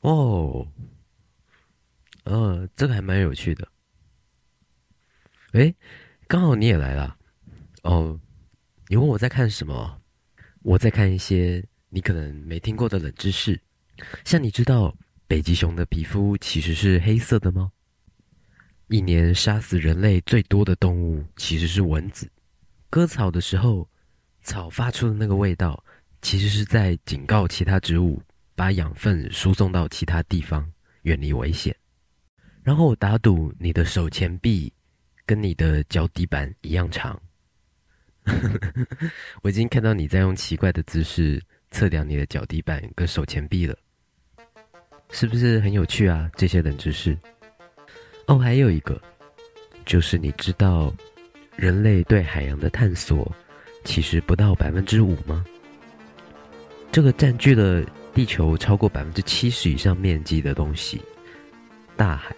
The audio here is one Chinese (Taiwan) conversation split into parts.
哦，呃，這個還蠻有趣的。誒，剛好你也來了。哦，你問我在看什麼？我在看一些你可能沒聽過的冷知識。像你知道北極熊的皮膚其實是黑色的嗎？一年殺死人類最多的動物其實是蚊子。割草的時候，草發出的那個味道，其實是在警告其他植物。把養分輸送到其他地方，遠離危險。然後我打賭你的手前臂跟你的腳底板一樣長。 我已經看到你在用奇怪的姿勢測量你的腳底板跟手前臂了，是不是很有趣啊？這些冷知識。哦，還有一個，就是你知道人類對海洋的探索其實不到百分之五嗎？這個占據了，地球超過百分之七十以上面積的東西，大海，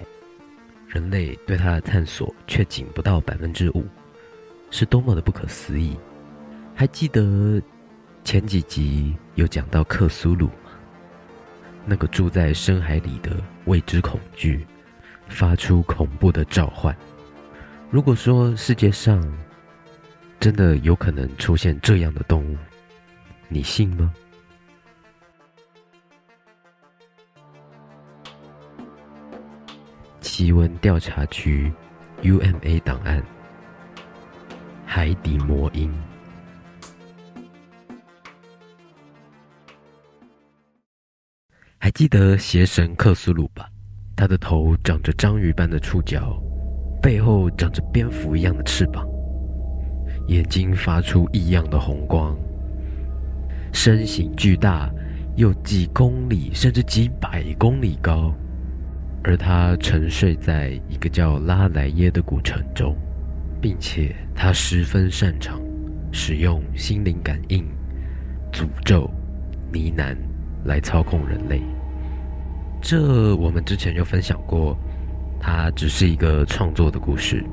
人類對它的探索卻僅不到百分之五，是多麼的不可思議。還記得前幾集有講到克蘇魯嗎？那個住在深海裡的未知恐懼，發出恐怖的召喚。如果說世界上真的有可能出現這樣的動物，你信嗎？低溫調查區 UMA 檔案，海底魔音。還記得邪神克蘇魯吧？他的頭長着章魚般的觸角，背後長着蝙蝠一樣的翅膀，眼睛發出異樣的紅光，身形巨大，有幾公里甚至幾百公里高。而他沉睡在一個叫拉萊耶的古城中，並且他十分擅長使用心靈感應、詛咒、呢喃來操控人類。這我們之前有分享過，它只是一個創作的故事。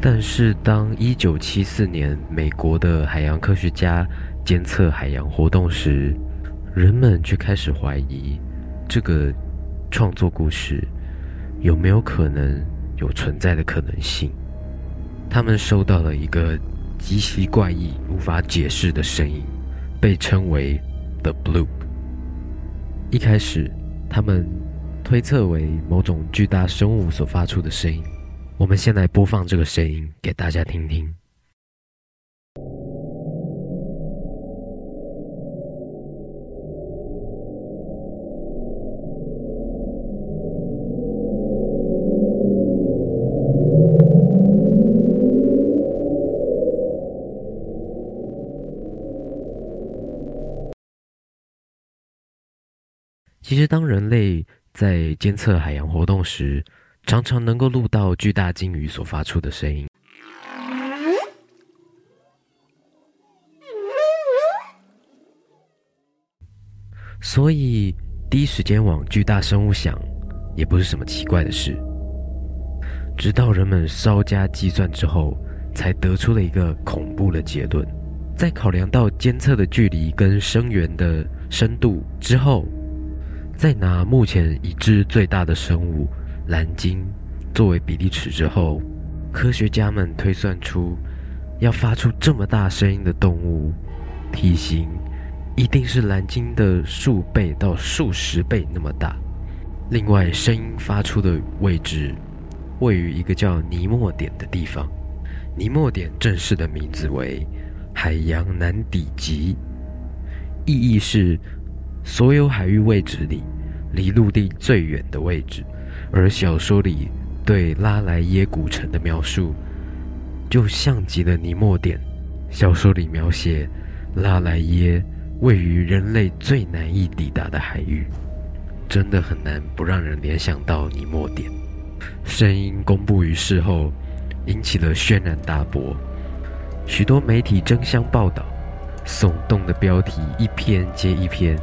但是當1974年美國的海洋科學家監測海洋活動時，人們卻開始懷疑這個創作故事。有沒有可能有存在的可能性？他們收到了一個極其怪異、無法解釋的聲音，被稱為 “The Bloop”。一開始，他們推測為某種巨大生物所發出的聲音。我們先來播放這個聲音給大家聽聽。其實，當人類在監測海洋活動時，常常能夠錄到巨大鯨魚所發出的聲音。所以，第一時間往巨大生物想，也不是什麼奇怪的事。直到人們稍加計算之後，才得出了一個恐怖的結論：在考量到監測的距離跟聲源的深度之後。在拿目前已知最大的生物藍鯨作為比例尺之後，科學家們推算出，要發出這麼大聲音的動物，體型一定是藍鯨的數倍到數十倍那麼大。另外，聲音發出的位置位於一個叫尼莫點的地方。尼莫點正式的名字為海洋難抵極，意義是。所有海域位置裡，離陸地最遠的位置，而小說裡對拉萊耶古城的描述，就像極了尼莫點。小說裡描寫拉萊耶位於人類最難以抵達的海域，真的很難不讓人聯想到尼莫點。聲音公布於世後，引起了軒然大波，許多媒體爭相報道，聳動的標題一篇接一篇。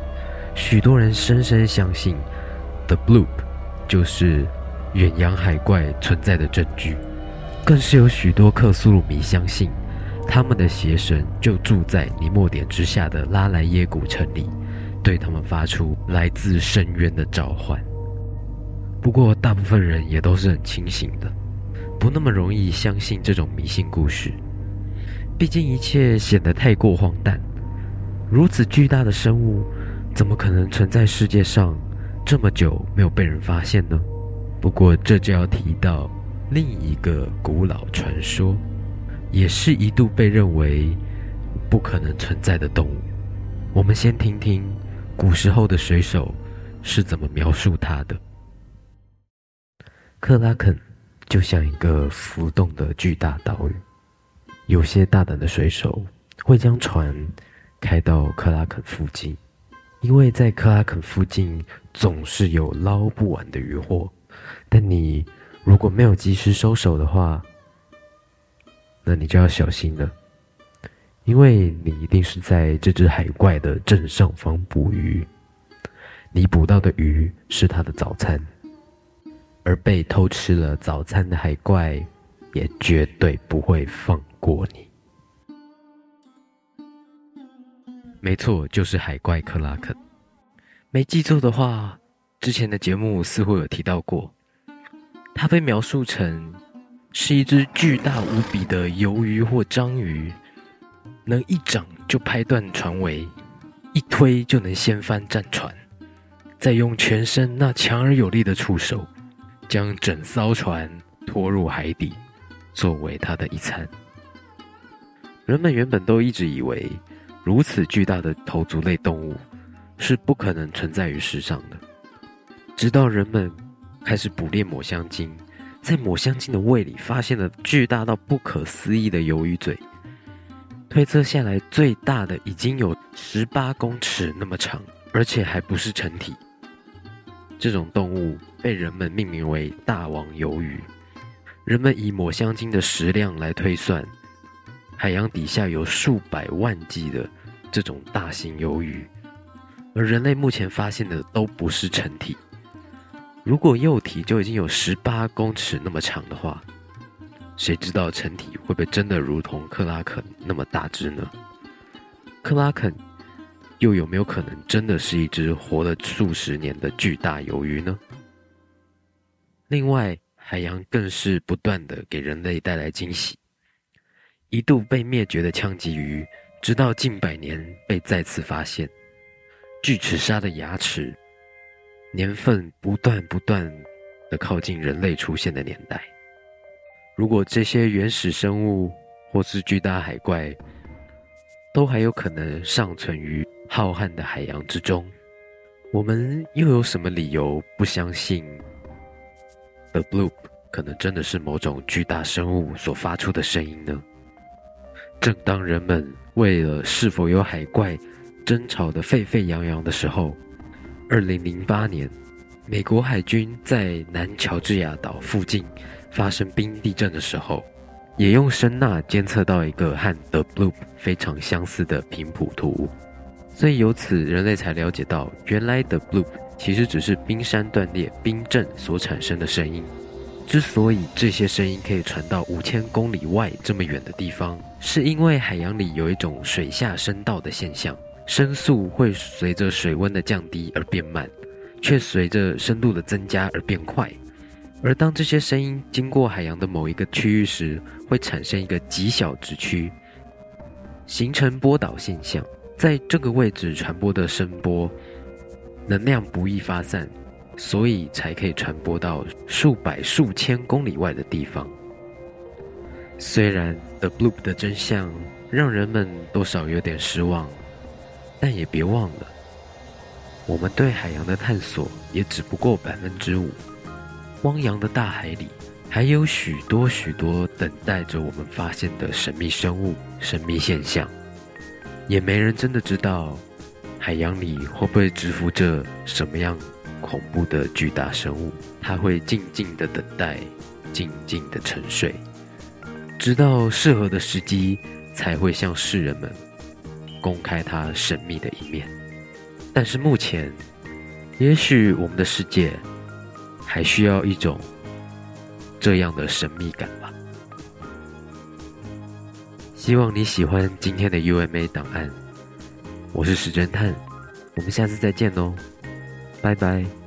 許多人深深相信，The Bloop，就是遠洋海怪存在的證據，更是有許多克蘇魯迷相信，他們的邪神就住在尼莫點之下的拉萊耶古城裡，對他們發出來自深淵的召喚。不過，大部分人也都是很清醒的，不那麼容易相信這種迷信故事，畢竟一切顯得太過荒誕，如此巨大的生物。怎麼可能存在世界上這麼久沒有被人發現呢？不過這就要提到另一個古老傳說，也是一度被認為不可能存在的動物。我們先聽聽古時候的水手是怎麼描述它的：克拉肯就像一個浮動的巨大島嶼，有些大膽的水手會將船開到克拉肯附近。因為在克拉肯附近總是有撈不完的漁獲，但你如果沒有及時收手的話，那你就要小心了，因為你一定是在這只海怪的正上方捕魚，你捕到的魚是它的早餐，而被偷吃了早餐的海怪也絕對不會放過你。沒錯，就是海怪克拉肯。沒記錯的話，之前的節目似乎有提到過，它被描述成是一隻巨大無比的魷魚或章魚，能一掌就拍斷船桅，一推就能掀翻戰船，再用全身那強而有力的觸手將整艘船拖入海底，作為它的一餐。人們原本都一直以為，如此巨大的頭足類動物是不可能存在於世上的，直到人們開始捕獵抹香鯨，在抹香鯨的胃裡發現了巨大到不可思議的魷魚嘴，推測下來最大的已經有十八公尺那麼長，而且還不是成體。這種動物被人們命名為大王魷魚，人們以抹香鯨的食量來推算。海洋底下有數百萬計的這種大型魷魚，而人類目前發現的都不是成體。如果幼體就已經有十八公尺那麼長的話，誰知道成體會不會真的如同克拉肯那麼大隻呢？克拉肯又有沒有可能真的是一隻活了數十年的巨大魷魚呢？另外，海洋更是不斷的給人類帶來驚喜。一度被滅絕的腔棘魚，直到近百年被再次發現。巨齒鯊的牙齒年份不斷不斷的靠近人類出現的年代。如果這些原始生物或是巨大海怪都還有可能尚存於浩瀚的海洋之中，我們又有什麼理由不相信 The Bloop 可能真的是某種巨大生物所發出的聲音呢？正當人們為了是否有海怪爭吵得沸沸揚揚的時候，二零零八年，美國海軍在南喬治亞島附近發生冰地震的時候，也用聲呐監測到一個和 The Bloop 非常相似的頻譜圖，所以由此人類才了解到，原來 The Bloop 其實只是冰山斷裂冰震所產生的聲音。之所以這些聲音可以傳到五千公里外這麼遠的地方，是因為海洋裡有一種水下聲道的現象，聲速會隨着水溫的降低而變慢，卻隨着深度的增加而變快。而當這些聲音經過海洋的某一個區域時，會產生一個極小值區，形成波導現象，在這個位置傳播的聲波能量不易發散。所以才可以傳播到數百、數千公里外的地方。雖然 The Bloop 的真相讓人們多少有點失望，但也別忘了，我們對海洋的探索也只不過百分之五。汪洋的大海裡，還有許多許多等待着我們發現的神秘生物、神秘現象，也沒人真的知道，海洋裡會不會蟄伏着什麼樣，恐怖的巨大生物，它會靜靜地等待，靜靜地沉睡，直到適合的時機，才會向世人們公開它神秘的一面。但是目前，也許我們的世界還需要一種這樣的神秘感吧。希望你喜歡今天的 UMA 檔案，我是時偵探，我們下次再見哦。拜拜。